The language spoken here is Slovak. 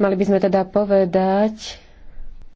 Mali by sme teda povedať,